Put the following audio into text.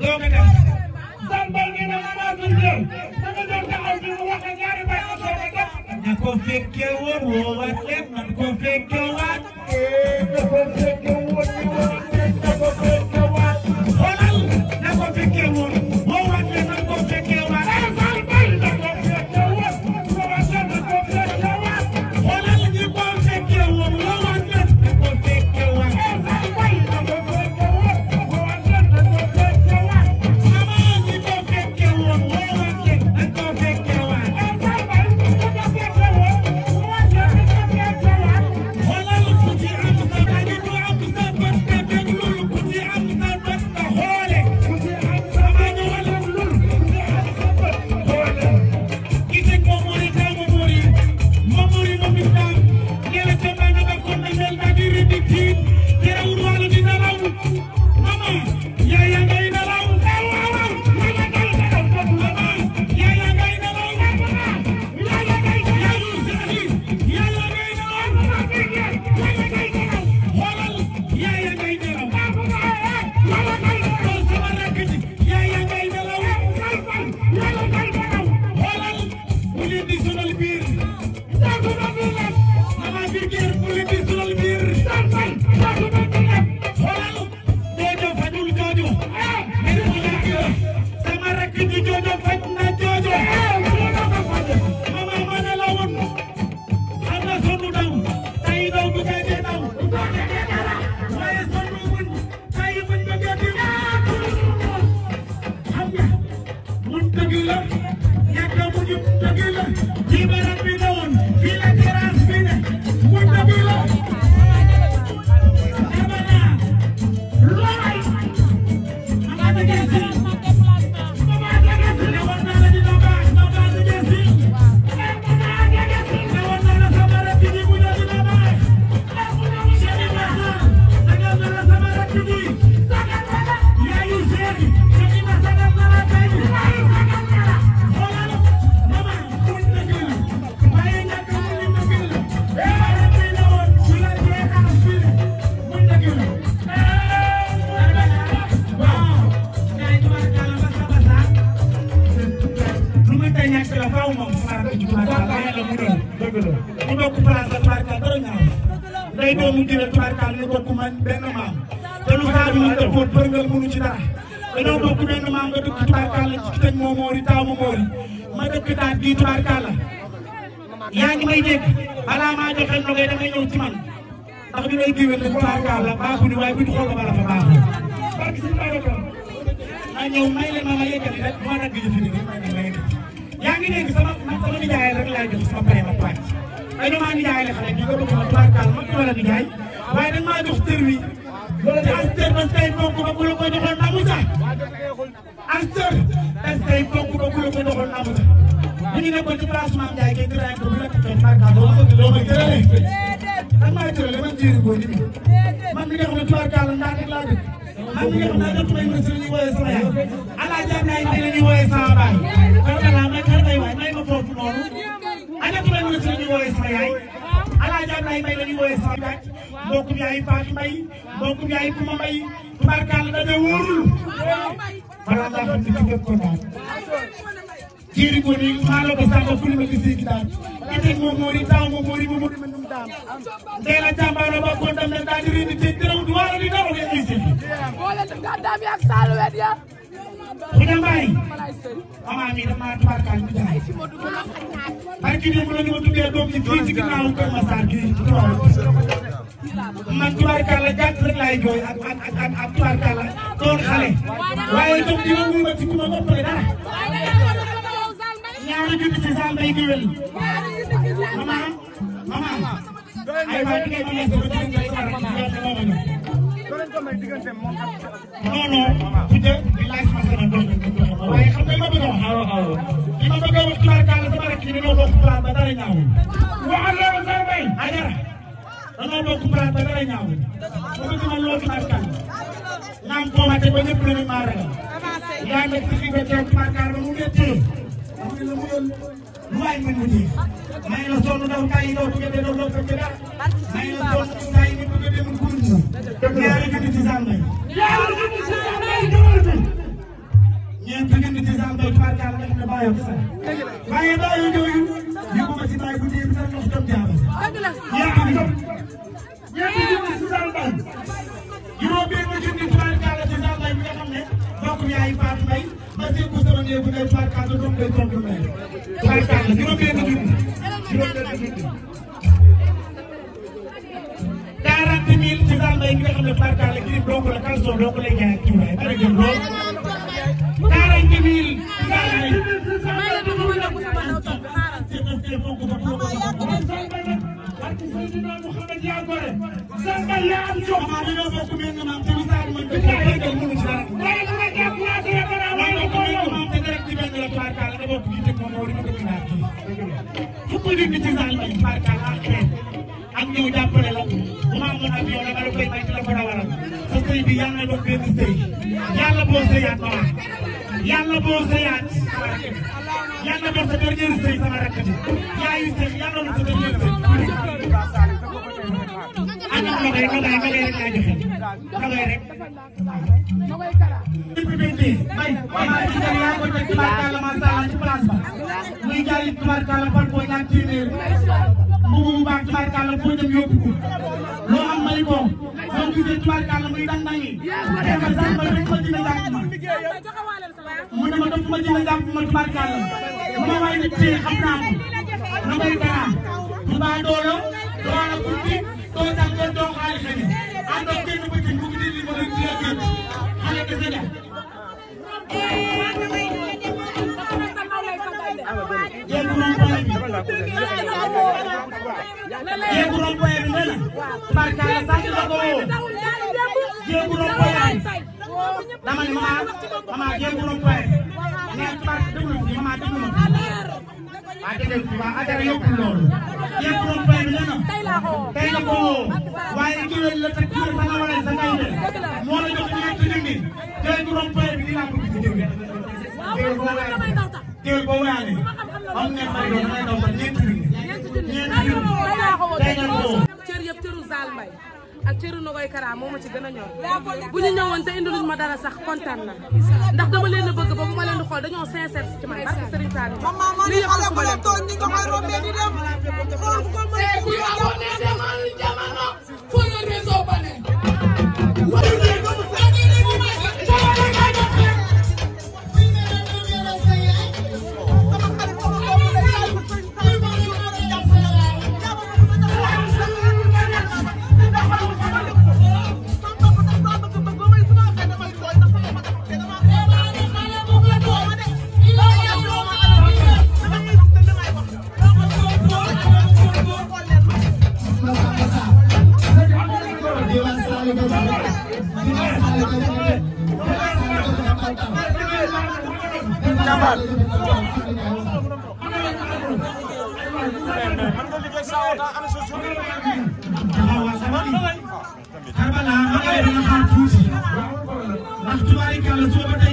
doo ko def. sàmbal gi nag Fatou Ndiaye. da nga doon taxaw bi mu wax ak ñaari mbay mu soog a def. na ko fekke woon woowaat leen man ko fekke waat. na eh, ko fekke woon ñu waat leen na ko fekke waat. ñu leen di day doomu dina tubaarkaal ñu bokk man benn maam te lu saa ñu dëppoon përngal mënu ci dara dañoo bokk benn maam nga dëkk tubaarkaal la ci tañ moo moori taaw ma moori ma dëkk daal di tubaarkaal la yaa ngi may dégg balaa maa joxe no ngay damay ñëw ci man ndax bi ngay géwél la tubaarkaal la baaxuñu waaye bu ñu xool ba la fa baaxul barke suñu barakam maa ñëw may leen ma ma yëkkati rek bu ma dagg jëfi ni rek ma ne ma yëkkati yaa ngi dégg sama sama nijaay rek laa jox sama pay ma pàcc dañu maa nijaay la xale ñu ko bëgg ma tubaarkaal ma ñu la nijaay waaye dañ maa jox tër wi te as tër bas tey fonk ba ku la ko joxoon amu ca as tër bas tey fonk ba ku la ko joxoon amu ca bu ñu nekkoon ci place Mame Ndiaye kay tëraay ko bu la ko jox tubaarkaal doo ma doo ma tërale man maa tërale man jéeri boo ni man mi nga xam ne tubaarkaal ndaa rek laa dëkk man mi nga xam ne dootu may mën si la ñuy wooyee sama yaay alaaji Abdoulaye tey la ñuy wooyee sama baay yaay alaaji Ablaye Mbaye la ñu wooyee sama gàcc mbokkum yaay Fatou Mbaye mbokkum yaay Kuma Mbaye tubarkàlla dana wóorul balaa ngaa xam ne ci gëm ko daal jiiri ko ni ma gisee gi daal itam moom moo di taw moom moo di moom moo di mën num daam ndeel a jàmbaaroo ba kontam na di réer waara di dara nga indi Xuja Mbaay maman mii damaa tubaarkaal bi jaay barki bi mu la ñu ma tuddee doom ji fii ci ginnaaw Kër Massar bii man tubaarkaal la gàtt rek laay jooy ak ak ak ak tubaarkaal la doon xale waaye doom ji ma wuy ma ci ku ma boppale dara ñaari bi ci Zane Mbaye Guèyeul maman maman ay waay di ngay ma lees ba ci non non su dee di laaj ma sama doom waaye xam nga li ma bëgg a wax. li ma bëgg a wax tubaarkalla sama rakk yi dañoo bokk palaat ba dara ñaawul. waxal loolu sa mbay ajara dañoo bokk palaat ba dara ñaawul. ma bëgg ma loolu tubaarkalla. naam koomate ba ñëpp la ñu maa ragal. yaa ngi fi ba teew tubaarkalla ba mu méttee. xam nga lu mu doon lu waay mën mu jeex. maa ngi la sonn ndaw kaay yi doo ko jëndee doo ko jëndee dara. ay la doon ay ni bëgg a dem Koungheul. ñaari gën ci Zambay. ñaari gën ci Zambay góor bi. ñeent gën ci Zambay tubaarkaal nga xam ne ko sax. waaye bàyyi jooju yóbbu ma ci bàyyi bu dee bi tam ndox dem jaabal. ñeent bi ñeent gën ci Zambay. juróom benn gën ci tubaarkaal ci Zambay bi nga xam ne mbokk doom lay tontu biir ci Zalmay nga xam ne barkaale Grip donc la Calcio donc lay jaay ak Cuuraay bari gëm lool. quarante mille Zalmay. Zalmay yaa am jox maa dañoo bokk mel na maam te misaal man bi daa yëg ak mënu ci dara. waaye bu ma jàpp naa sa yëpp naa waaye bokk mel na maam te direct benn la barkaale da bokk di teg moom moo di ma dëkk naa kii. fukk nit ñi ci Zalmay sëy bi yàlla na doon benn sëy yàlla boo sëyaat ba wax yàlla boo sëyaat sama rakk bi yàlla doon sa dernier sëy sama rakk bi yaayu sëy yàlla doon sa dernier sëy magay magay magay rek laa joxe magay rek. ay ay ay si dara yaa ngi koy tubaarkalla macha allah ci place ba muy jaay tubaarkalla ban boo ñaan téeméer bu bu baax tubaarkalla foo dem yóbbu ko loo am may ko soo gisee tubaarkalla muy dandangi dama sax ma rek ma dina jàpp ma mu ne ma daf ma dina jàpp ma tubaarkalla mu ma waay ne tee xam naa ko magay dara tubaa doolo doolo pour doo jàngal doo xaali xami ànd ak kenn bu ci bu ci li wala la gën xale bi sa la ko yéen rond-point dama waaw Adama yokkul loolu. yéen borom bay bi nee na. tey la ko woo. waaye kiiwee la te kiiwee fa nga waree sa kaw de. moo la jox ñetti junni. tey borom bay bi dinaa bëgg ci jiw. jiw boo wéyalee. jiw boo wéyalee. am ne mbay doon dangay daw ba ñeenti junni. ñeenti junni tey la ko woo. cër yëpp cëru Zal Mbaye. ak Thierno Nogoy Kara moo ma ci gën a ñor bu ñu ñëwoon te indiluñ ma dara sax kontaan na ndax dama leen a bëgg ba bu ma leen di xool dañoo sincère ci man barke Serigne Sall lii yëpp su ma leen Souleymane. Karbala ma ngay doon xaar tuuti ndax tubaarikàlla suba ba